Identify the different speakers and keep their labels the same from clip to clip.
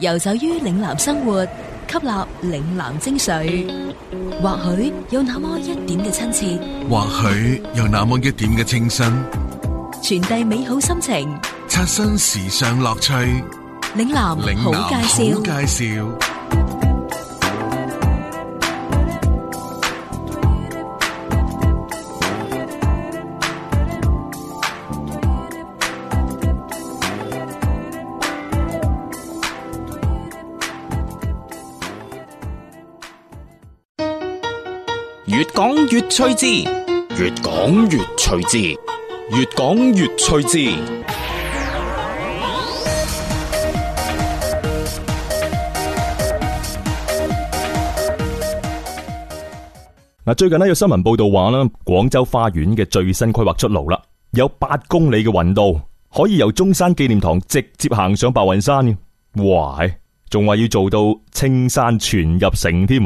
Speaker 1: 遊走於嶺南生活，吸納嶺南精髓，或許有那麼一點嘅親切，
Speaker 2: 或許有那麼一點嘅清新，
Speaker 1: 傳遞美好心情，
Speaker 2: 刷新時尚樂趣。
Speaker 1: 嶺南好介
Speaker 2: 紹。
Speaker 3: 越趣字，越講越趣字，越講越趣字。
Speaker 4: 嗱，最近咧有新聞報道話啦，廣州花園嘅最新規劃出爐啦，有八公里嘅雲道可以由中山紀念堂直接行上白雲山嘅。哇，仲話要做到青山全入城添。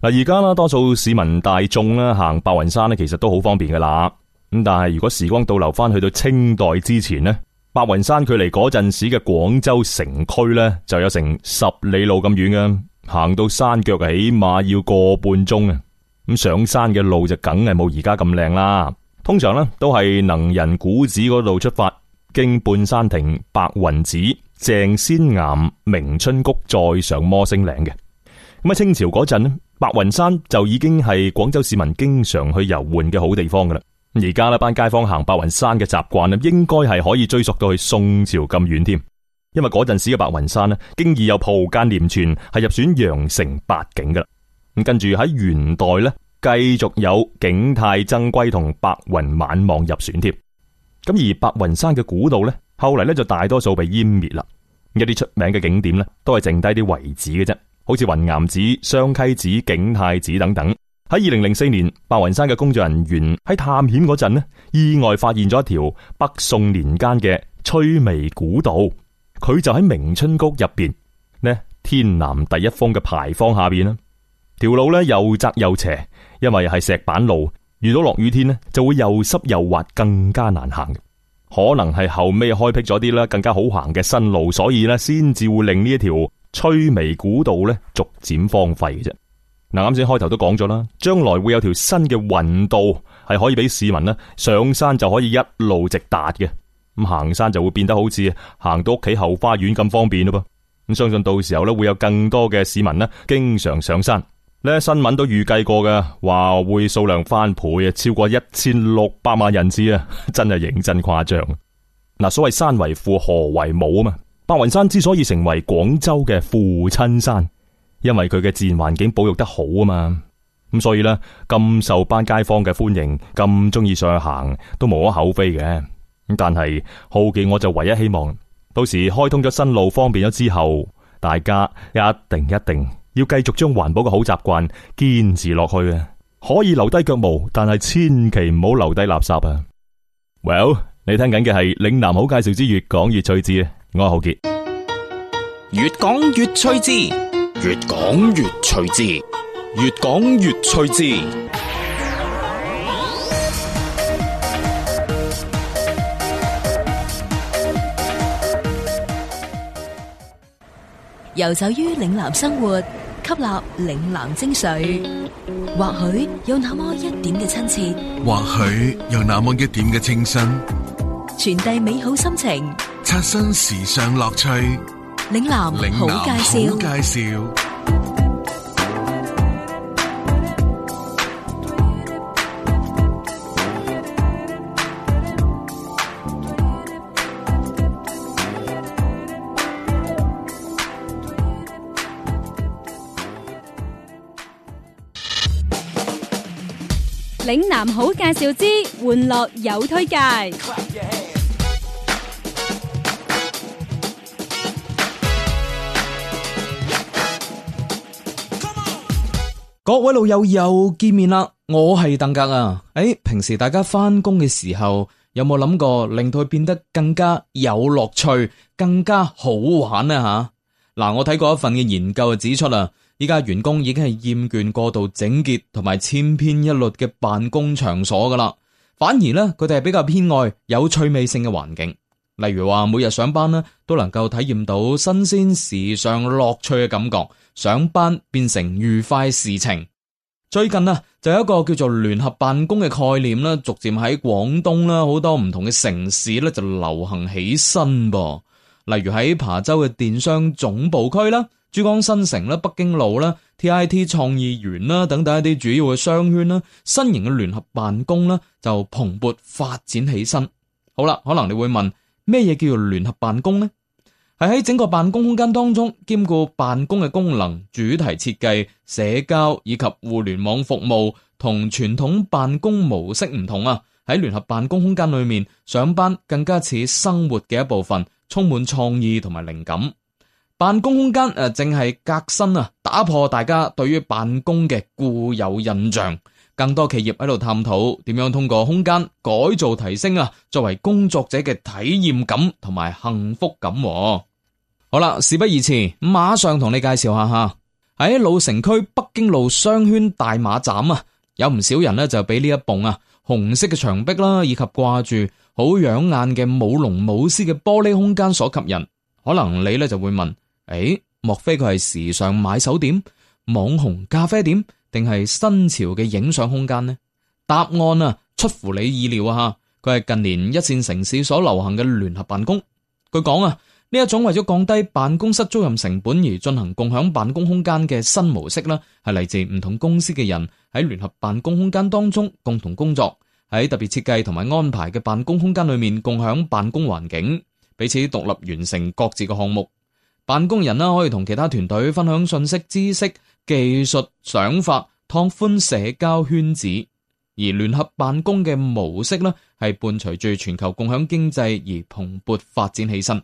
Speaker 4: 嗱，而家啦，多數市民大眾啦行白雲山咧，其實都好方便噶啦。咁但係如果時光倒流翻去到清代之前咧，白雲山距離嗰陣時嘅廣州城區咧就有成十里路咁遠噶，行到山腳起碼要個半鐘啊。咁上山嘅路就梗係冇而家咁靚啦。通常咧都係能人古寺嗰度出發，經半山亭、白雲寺、鄭仙岩、明春谷，再上摩星嶺嘅。咁喺清朝嗰陣咧。白雲山就已經係廣州市民經常去遊玩嘅好地方噶啦，而家呢班街坊行白雲山嘅習慣，應該係可以追溯到去宋朝咁遠添。因為嗰陣時嘅白雲山咧，經已有蒲澗濂泉係入選羊城八景噶啦。咁跟住喺元代呢繼續有景泰僧歸同白雲晚望入選添。咁而白雲山嘅古道呢，後嚟呢就大多數被湮滅啦，一啲出名嘅景點呢，都係剩低啲遺址嘅啫。好似雲岩寺、雙溪寺、景泰寺等等。喺二零零四年，白雲山嘅工作人員喺探險嗰陣咧，意外發現咗一條北宋年間嘅翠微古道。佢就喺明春谷入邊咧，天南第一峰嘅牌坊下邊啦。條路咧又窄又斜，因為係石板路，遇到落雨天咧就會又濕又滑，更加難行。可能係後尾開闢咗啲啦，更加好行嘅新路，所以咧先至會令呢一條。翠微古道咧，逐漸荒廢嘅啫。嗱，啱先開頭都講咗啦，將來會有條新嘅運道，係可以俾市民呢上山就可以一路直達嘅。咁行山就會變得好似行到屋企後花園咁方便咯噃。咁相信到時候咧會有更多嘅市民呢經常上山。呢新聞都預計過嘅，話會數量翻倍啊，超過一千六百萬人次啊，真係認真誇張。嗱，所謂山為父，河為母啊嘛。白雲山之所以成為廣州嘅父親山，因為佢嘅自然環境保育得好啊嘛。咁所以呢，咁受班街坊嘅歡迎，咁中意上去行都無可厚非嘅。咁但係好奇我就唯一希望，到時開通咗新路方便咗之後，大家一定一定要繼續將環保嘅好習慣堅持落去啊！可以留低腳毛，但係千祈唔好留低垃圾啊。Well，你聽緊嘅係嶺南好介紹之粵講粵趣志啊。我係浩杰，
Speaker 3: 越講越趣致，越講越趣致，越講越趣致。
Speaker 1: 游走於嶺南生活，吸納嶺南精髓，或許有那麼一點嘅親切，
Speaker 2: 或許有那麼一點嘅清新，
Speaker 1: 傳遞美好心情。
Speaker 2: 刷新時尚樂趣，
Speaker 1: 嶺南好介紹。嶺南好介紹之，玩樂有推
Speaker 5: 介。
Speaker 3: 各位老友又見面啦，我係鄧格啊！誒，平時大家翻工嘅時候有冇諗過令到佢變得更加有樂趣、更加好玩呢？吓、啊、嗱，我睇過一份嘅研究啊，指出啊，依家員工已經係厭倦過度整潔同埋千篇一律嘅辦公場所噶啦，反而咧佢哋係比較偏愛有趣味性嘅環境。例如話，每日上班呢都能夠體驗到新鮮時尚樂趣嘅感覺，上班變成愉快事情。最近呀就有一個叫做聯合辦公嘅概念啦，逐漸喺廣東啦好多唔同嘅城市咧就流行起身噃。例如喺琶洲嘅電商總部區啦、珠江新城啦、北京路啦、TIT 創意園啦等等一啲主要嘅商圈啦，新型嘅聯合辦公啦就蓬勃發展起身。好啦，可能你會問。咩嘢叫做聯合辦公呢？係喺整個辦公空間當中，兼顧辦公嘅功能、主題設計、社交以及互聯網服務，同傳統辦公模式唔同啊！喺聯合辦公空間裏面，上班更加似生活嘅一部分，充滿創意同埋靈感。辦公空間誒，正係革新啊，打破大家對於辦公嘅固有印象。更多企業喺度探討點樣通過空間改造，提升啊，作為工作者嘅體驗感同埋幸福感。好啦，事不宜遲，馬上同你介紹下吓。喺老城區北京路商圈大馬站啊，有唔少人咧就俾呢一幢啊紅色嘅牆壁啦，以及掛住好養眼嘅舞龍舞獅嘅玻璃空間所吸引。可能你咧就會問：誒，莫非佢係時尚買手店、網紅咖啡店？定係新潮嘅影相空間呢？答案啊，出乎你意料啊！吓，佢係近年一綫城市所流行嘅聯合辦公。佢講啊，呢一種為咗降低辦公室租賃成本而進行共享辦公空間嘅新模式啦，係嚟自唔同公司嘅人喺聯合辦公空間當中共同工作，喺特別設計同埋安排嘅辦公空間裏面共享辦公環境，彼此獨立完成各自嘅項目。辦公人啦，可以同其他團隊分享信息、知識。技術、想法、拓寬社交圈子，而聯合辦公嘅模式呢，係伴隨住全球共享經濟而蓬勃發展起身。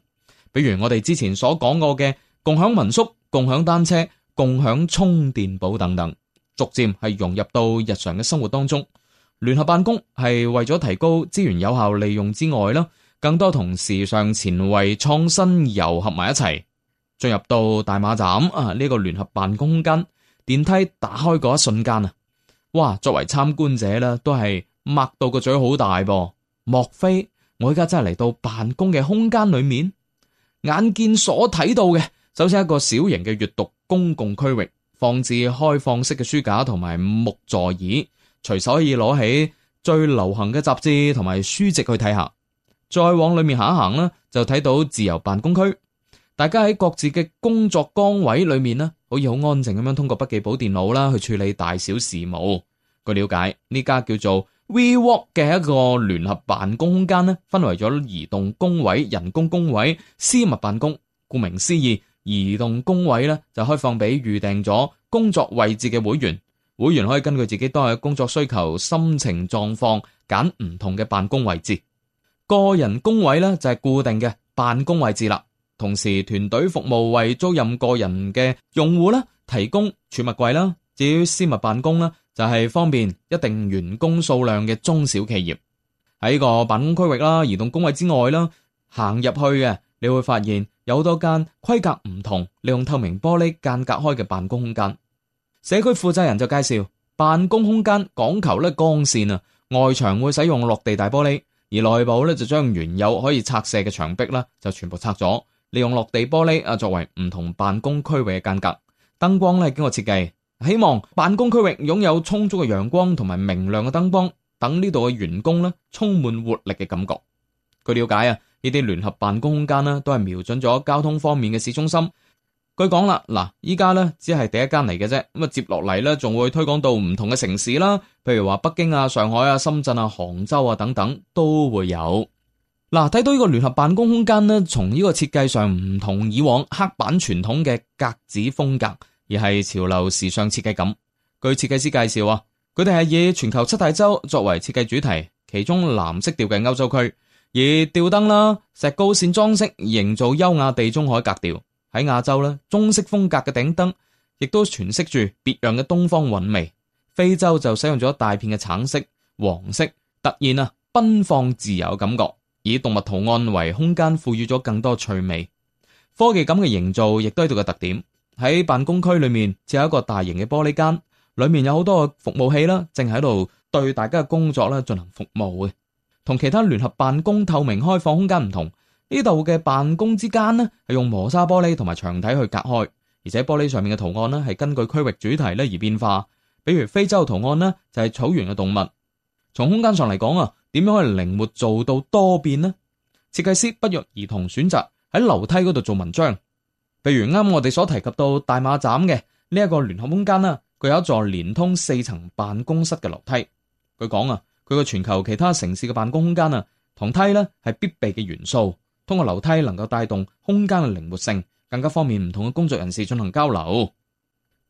Speaker 3: 比如我哋之前所講過嘅共享民宿、共享單車、共享充電寶等等，逐漸係融入到日常嘅生活當中。聯合辦公係為咗提高資源有效利用之外啦，更多同時尚前衛創新糅合埋一齊，進入到大馬站啊呢個聯合辦公間。電梯打開嗰一瞬間啊，哇！作為參觀者咧，都係擘到個嘴好大噃。莫非我依家真係嚟到辦公嘅空間裏面？眼見所睇到嘅，首先一個小型嘅閱讀公共區域，放置開放式嘅書架同埋木座椅，隨手可以攞起最流行嘅雜誌同埋書籍去睇下。再往裏面行一行咧，就睇到自由辦公區，大家喺各自嘅工作崗位裏面咧。可以好安靜咁樣通過筆記簿電腦啦去處理大小事務。據了解，呢家叫做 WeWork 嘅一個聯合辦公空間呢，分為咗移動工位、人工工位、私密辦公。顧名思義，移動工位咧就開放俾預定咗工作位置嘅會員，會員可以根據自己當日嘅工作需求、心情狀況揀唔同嘅辦公位置。個人工位咧就係固定嘅辦公位置啦。同時，團隊服務為租任個人嘅用戶啦，提供儲物櫃啦，至於私密辦公啦，就係、是、方便一定員工數量嘅中小企業喺個辦公區域啦，移動工位之外啦，行入去嘅，你會發現有多間規格唔同，利用透明玻璃間隔開嘅辦公空間。社區負責人就介紹，辦公空間講求咧光線啊，外牆會使用落地大玻璃，而內部咧就將原有可以拆卸嘅牆壁咧，就全部拆咗。利用落地玻璃啊，作為唔同辦公區域嘅間隔，燈光咧經過設計，希望辦公區域擁有充足嘅陽光同埋明亮嘅燈光，等呢度嘅員工咧充滿活力嘅感覺。據了解啊，呢啲聯合辦公空間呢都係瞄準咗交通方面嘅市中心。據講啦，嗱，依家咧只係第一間嚟嘅啫，咁啊接落嚟咧仲會推廣到唔同嘅城市啦，譬如話北京啊、上海啊、深圳啊、杭州啊等等都會有。嗱，睇到呢個聯合辦公空間呢，從呢個設計上唔同以往黑板傳統嘅格子風格，而係潮流時尚設計感。據設計師介紹啊，佢哋係以全球七大洲作為設計主題，其中藍色調嘅歐洲區，以吊燈啦、石膏線裝飾，營造優雅地中海格調；喺亞洲呢，中式風格嘅頂燈，亦都詮釋住別樣嘅東方韻味。非洲就使用咗大片嘅橙色、黃色，突顯啊奔放自由嘅感覺。以動物圖案為空間賦予咗更多趣味，科技感嘅營造亦都係度嘅特點。喺辦公區裏面，設有一個大型嘅玻璃間，裏面有好多嘅服務器啦，正喺度對大家嘅工作咧進行服務嘅。同其他聯合辦公透明開放空間唔同，呢度嘅辦公之間呢，係用磨砂玻璃同埋牆體去隔開，而且玻璃上面嘅圖案呢，係根據區域主題咧而變化。比如非洲圖案呢，就係草原嘅動物。從空間上嚟講啊，點樣可以靈活做到多變呢？設計師不約而同選擇喺樓梯嗰度做文章，譬如啱我哋所提及到大馬站嘅呢一個聯合空間啦，佢有一座連通四層辦公室嘅樓梯。佢講啊，佢個全球其他城市嘅辦公空間啊，同梯呢係必備嘅元素，通過樓梯能夠帶動空間嘅靈活性，更加方便唔同嘅工作人士進行交流。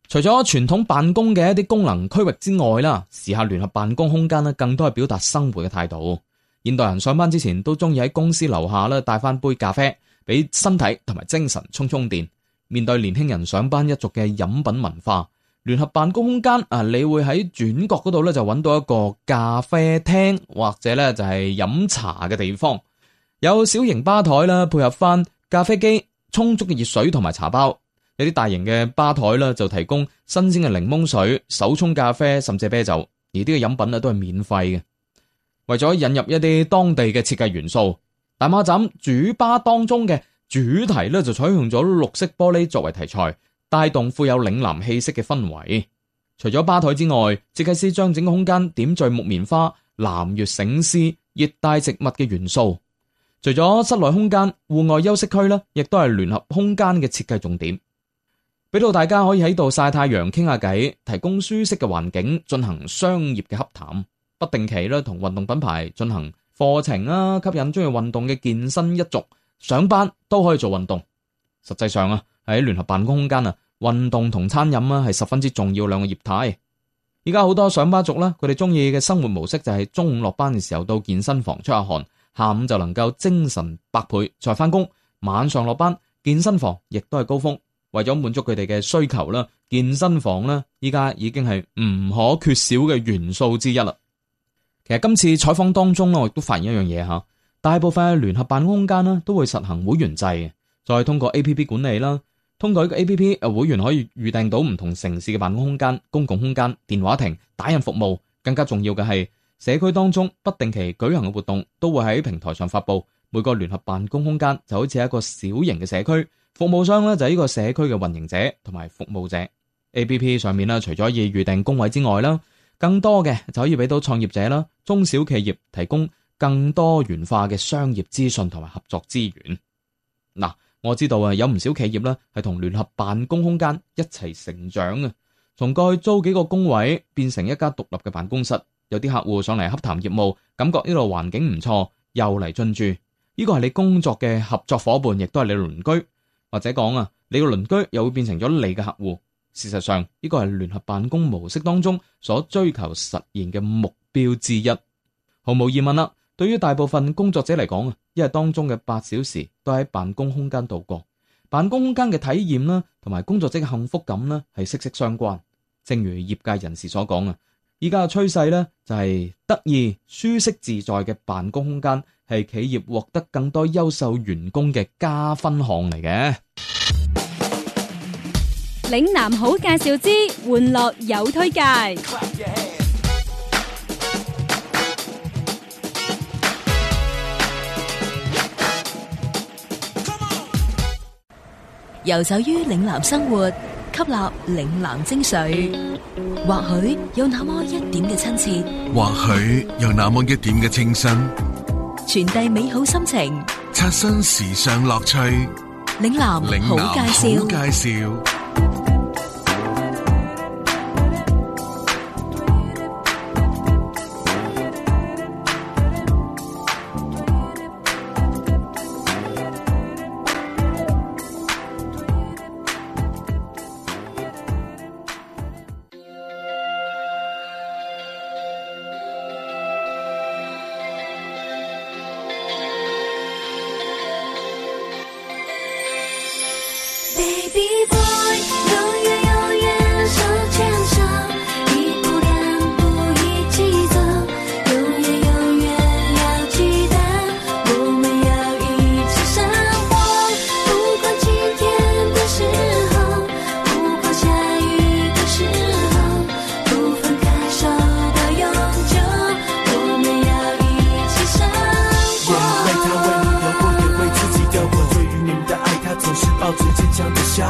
Speaker 3: 除咗傳統辦公嘅一啲功能區域之外啦，時下聯合辦公空間咧，更多係表達生活嘅態度。現代人上班之前都中意喺公司樓下咧帶翻杯咖啡，俾身體同埋精神充充電。面對年輕人上班一族嘅飲品文化，聯合辦公空間啊，你會喺轉角嗰度咧就揾到一個咖啡廳，或者咧就係飲茶嘅地方，有小型吧台啦，配合翻咖啡機、充足嘅熱水同埋茶包。呢啲大型嘅吧台啦，就提供新鮮嘅檸檬水、手沖咖啡，甚至啤酒。而啲嘅飲品咧，都係免費嘅。為咗引入一啲當地嘅設計元素，大馬站主吧當中嘅主題咧就採用咗綠色玻璃作為題材，帶動富有嶺南氣息嘅氛圍。除咗吧台之外，設計師將整個空間點綴木棉花、南越醒獅、熱帶植物嘅元素。除咗室內空間、戶外休息區啦，亦都係聯合空間嘅設計重點。俾到大家可以喺度曬太陽傾下偈，提供舒適嘅環境進行商業嘅洽談，不定期咧同運動品牌進行課程啊，吸引中意運動嘅健身一族上班都可以做運動。實際上啊，喺聯合辦公空間啊，運動同餐飲啊係十分之重要兩個業態。而家好多上班族啦，佢哋中意嘅生活模式就係中午落班嘅時候到健身房出下汗，下午就能夠精神百倍再翻工。晚上落班，健身房亦都係高峰。為咗滿足佢哋嘅需求啦，健身房咧，依家已經係唔可缺少嘅元素之一啦。其實今次採訪當中，我亦都發現一樣嘢吓，大部分嘅聯合辦公空間咧都會實行會員制，再通過 APP 管理啦，通過一個 APP 誒，會員可以預訂到唔同城市嘅辦公空間、公共空間、電話亭、打印服務，更加重要嘅係社區當中不定期舉行嘅活動都會喺平台上發布。每個聯合辦公空間就好似一個小型嘅社區。服務商咧就係呢個社區嘅運營者同埋服務者 APP 上面啦，除咗可以預訂工位之外啦，更多嘅就可以俾到創業者啦、中小企業提供更多元化嘅商業資訊同埋合作資源。嗱，我知道啊，有唔少企業啦，係同聯合辦公空間一齊成長啊，從過去租幾個工位變成一家獨立嘅辦公室。有啲客戶上嚟洽談業務，感覺呢度環境唔錯，又嚟進駐。呢、呢個係你工作嘅合作夥伴，亦都係你鄰居。或者講啊，你個鄰居又會變成咗你嘅客戶。事實上，呢個係聯合辦公模式當中所追求實現嘅目標之一，毫無疑問啦。對於大部分工作者嚟講啊，一日當中嘅八小時都喺辦公空間度過，辦公空間嘅體驗啦，同埋工作者嘅幸福感呢，係息息相關。正如業界人士所講啊。依家嘅趨勢咧，就係得意舒適自在嘅辦公空間，係企業獲得更多優秀員工嘅加分項嚟嘅。
Speaker 1: 嶺南好介紹之，玩樂有推介。遊走於嶺南生活。吸納嶺南精髓，或許有那麼一點嘅親切，
Speaker 2: 或許有那麼一點嘅清新，
Speaker 1: 傳遞美好心情，
Speaker 2: 刷新時尚樂趣。
Speaker 1: 嶺南好介紹，好介
Speaker 2: 紹。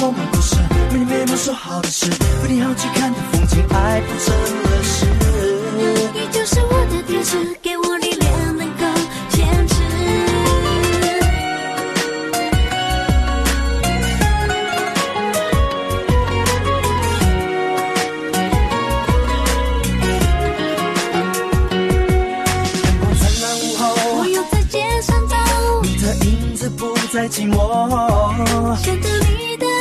Speaker 6: 我們不是每天每晚說好的事，
Speaker 5: 每天一起看的風景，愛不爭的事。你就是我的天使，給我力量能夠堅持。
Speaker 6: 陽光燦爛午後，我又在街上走，你的影子不再寂寞，牽着你的。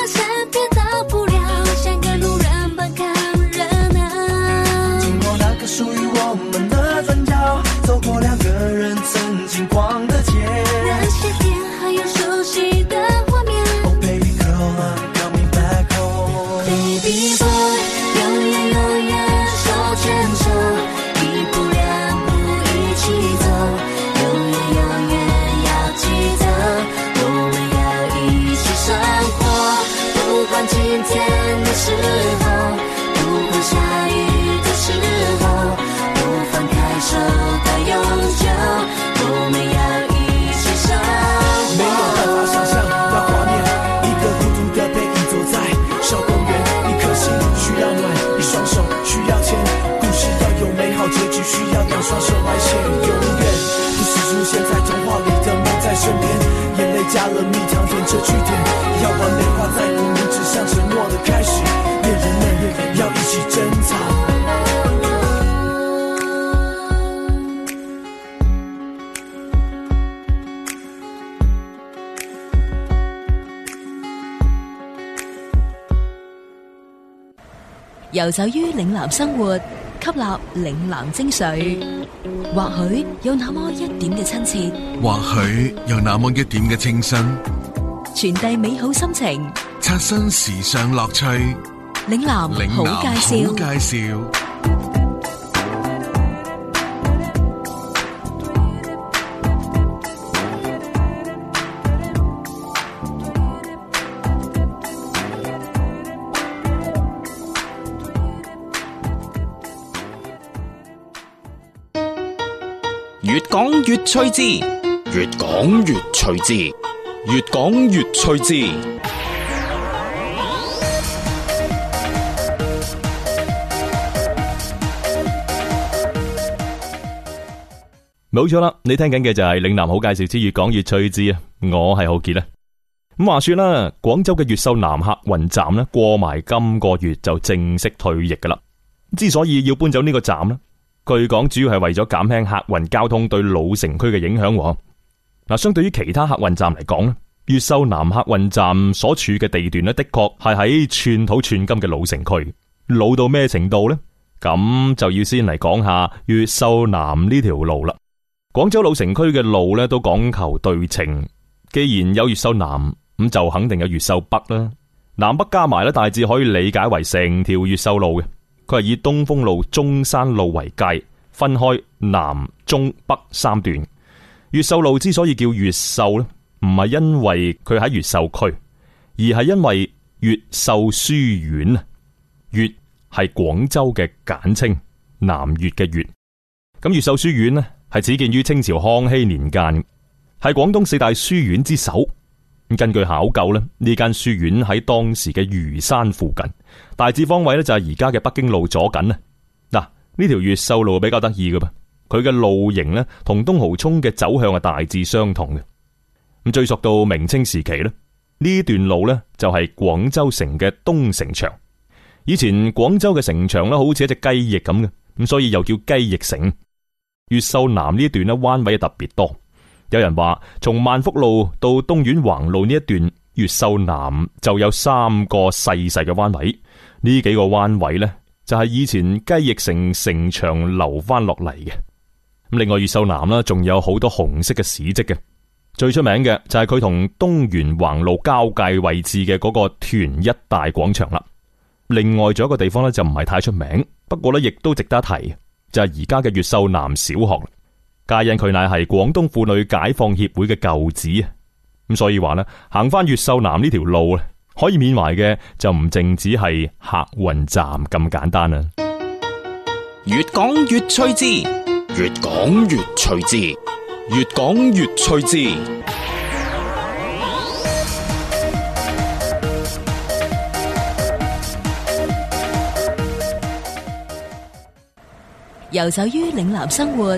Speaker 1: 游走於嶺南生活，吸納嶺南精髓，或許有那麼一點嘅親切，
Speaker 2: 或許有那麼一點嘅清新，
Speaker 1: 傳遞美好心情，
Speaker 2: 刷新時尚樂趣。
Speaker 1: 嶺南好介紹，好介
Speaker 2: 紹。
Speaker 3: 講越趣致，越講越趣致，越講越趣致。
Speaker 4: 冇錯啦，你聽緊嘅就係嶺南好介紹之越講越趣致啊！我係浩杰啦。咁話說啦，廣州嘅越秀南客運站咧，過埋今個月就正式退役噶啦。之所以要搬走呢個站咧？據講，主要係為咗減輕客運交通對老城區嘅影響。嗱，相對於其他客運站嚟講咧，越秀南客運站所處嘅地段呢，的確係喺寸土寸金嘅老城區。老到咩程度呢？咁就要先嚟講下越秀南呢條路啦。廣州老城區嘅路咧，都講求對稱，既然有越秀南，咁就肯定有越秀北啦。南北加埋咧，大致可以理解為成條越秀路嘅。佢係以東風路、中山路為界，分開南、中、北三段。越秀路之所以叫越秀咧，唔係因為佢喺越秀區，而係因為越秀書院啊。越係廣州嘅簡稱，南越嘅越。咁越秀書院咧係始建於清朝康熙年間，係廣東四大書院之首。根據考究咧，呢間書院喺當時嘅禺山附近，大致方位呢就係而家嘅北京路左近啊。嗱，呢條越秀路比較得意嘅噃，佢嘅路型呢同東濠涌嘅走向係大致相同嘅。咁追溯到明清時期咧，呢段路呢就係廣州城嘅東城牆。以前廣州嘅城牆呢好似一隻雞翼咁嘅，咁所以又叫雞翼城。越秀南呢段呢，彎位特別多。有人話，從萬福路到東園橫路呢一段，越秀南就有三個細細嘅彎位。呢幾個彎位呢，就係以前雞翼城城牆留翻落嚟嘅。咁，另外越秀南呢，仲有好多紅色嘅史跡嘅。最出名嘅就係佢同東園橫路交界位置嘅嗰個團一大廣場啦。另外，仲有一個地方呢，就唔係太出名，不過呢，亦都值得提，就係而家嘅越秀南小學。皆因佢乃係廣東婦女解放協會嘅舊址。啊，咁所以話呢，行翻越秀南呢條路啊，可以緬懷嘅就唔淨止係客運站咁簡單啊！
Speaker 3: 越講越趣致，越講越趣致，越講越趣致，
Speaker 1: 游走於嶺南生活，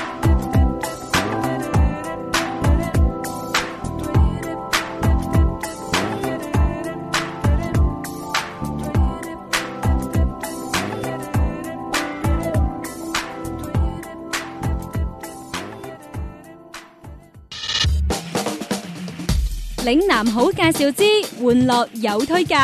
Speaker 1: 好介紹之，玩樂有推介。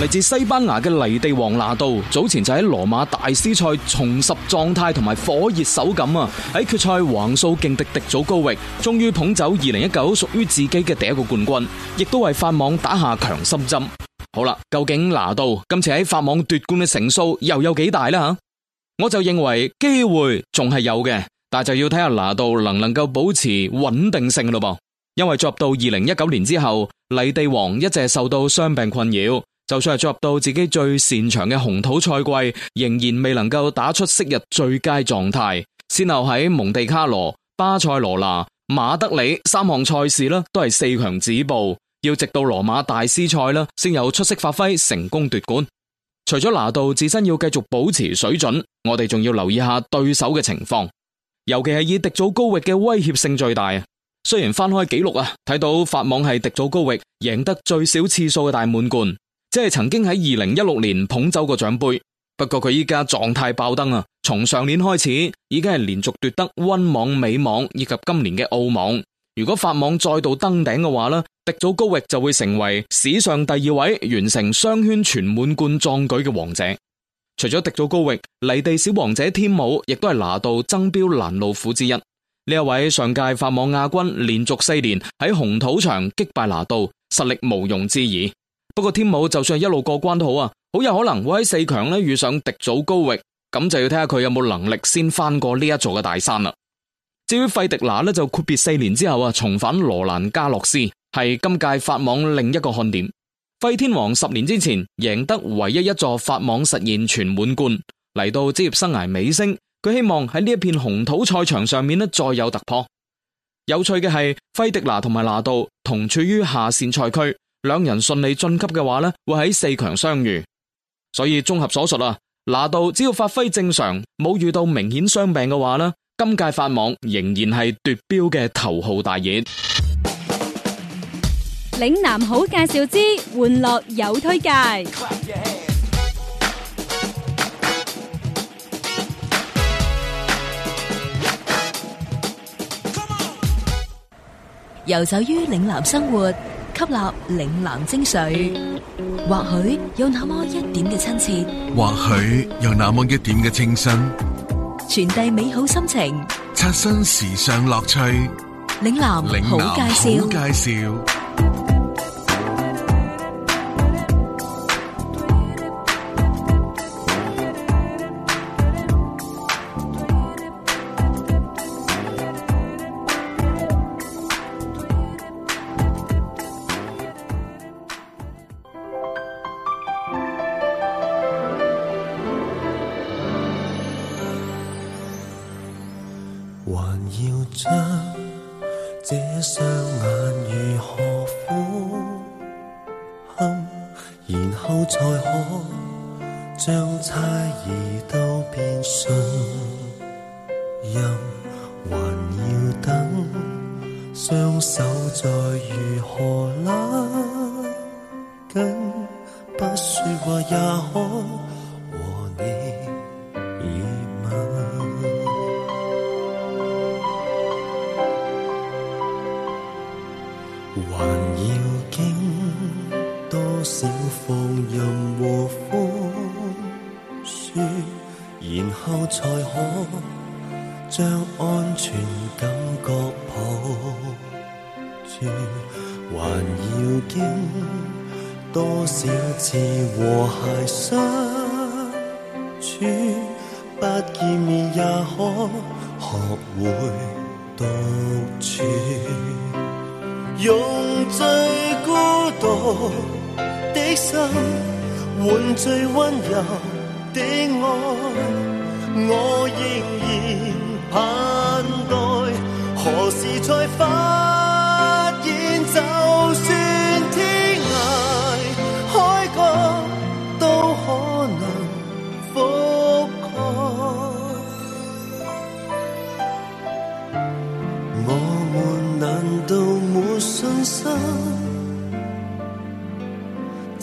Speaker 3: 嚟自西班牙嘅泥地王拿度，早前就喺羅馬大師賽重拾狀態同埋火熱手感啊！喺決賽橫掃勁敵迪祖高域，終於捧走二零一九屬於自己嘅第一個冠軍，亦都為法網打下強心針。好啦，究竟拿度今次喺法網奪冠嘅成數又有幾大呢？吓？我就認為機會仲係有嘅，但就要睇下拿度能唔能夠保持穩定性咯噃。因為捉到二零一九年之後，黎帝王一直受到傷病困擾，就算係捉到自己最擅長嘅紅土賽季，仍然未能夠打出昔日最佳狀態，先後喺蒙地卡羅、巴塞羅那、馬德里三項賽事啦，都係四強止步。要直到羅馬大師賽啦，先有出色發揮，成功奪冠。除咗拿度自身要繼續保持水準，我哋仲要留意下對手嘅情況，尤其係以迪祖高域嘅威脅性最大。雖然翻開紀錄啊，睇到法網係迪祖高域贏得最少次數嘅大滿貫，即係曾經喺二零一六年捧走過獎盃。不過佢依家狀態爆燈啊，從上年開始已經係連續奪得溫網、美網以及今年嘅澳網。如果法網再度登頂嘅話呢，迪祖高域就會成為史上第二位完成雙圈全滿貫壯舉嘅王者。除咗迪祖高域，泥地小王者天武亦都係拿度爭標攔路虎之一。呢一位上屆法網亞軍，連續四年喺紅土場擊敗拿度，實力毋庸置疑。不過天武就算係一路過關都好啊，好有可能會喺四強咧遇上迪祖高域，咁就要睇下佢有冇能力先翻過呢一座嘅大山啦。至於費迪拿咧，就闊別四年之後啊，重返羅蘭加洛斯，係今屆法網另一個看點。費天王十年之前贏得唯一一座法網，實現全滿貫，嚟到職業生涯尾聲，佢希望喺呢一片紅土賽場上面咧再有突破。有趣嘅係，費迪拿同埋拿度同處於下線賽區，兩人順利晉級嘅話咧，會喺四強相遇。所以綜合所述啦，拿度只要發揮正常，冇遇到明顯傷病嘅話咧。今屆法網仍然係奪標嘅頭號大熱。
Speaker 1: 嶺南好介紹之，玩樂有推介。遊走於嶺南生活，吸納嶺南精髓。或許有那麼一點嘅親切，
Speaker 2: 或許有那麼一點嘅清新。
Speaker 1: 傳遞美好心情，
Speaker 2: 刷新時尚樂趣。
Speaker 1: 嶺南好介
Speaker 2: 紹。
Speaker 7: 還要將這雙眼如何俯瞰，然後才可將猜疑都變信任。還要等雙手再如何拉？要經多少次和諧相處，不見面也可學會獨處，用最孤獨的心換最温柔的愛，我仍然盼待何時再返？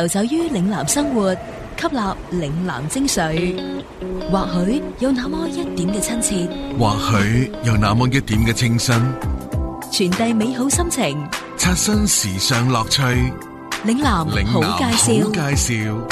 Speaker 1: 遊走於嶺南生活，吸納嶺南精髓，或許有那麼一點嘅親切，
Speaker 2: 或許有那麼一點嘅清新，
Speaker 1: 傳遞美好心情，
Speaker 2: 刷新時尚樂趣，
Speaker 1: 嶺南好介
Speaker 2: 紹。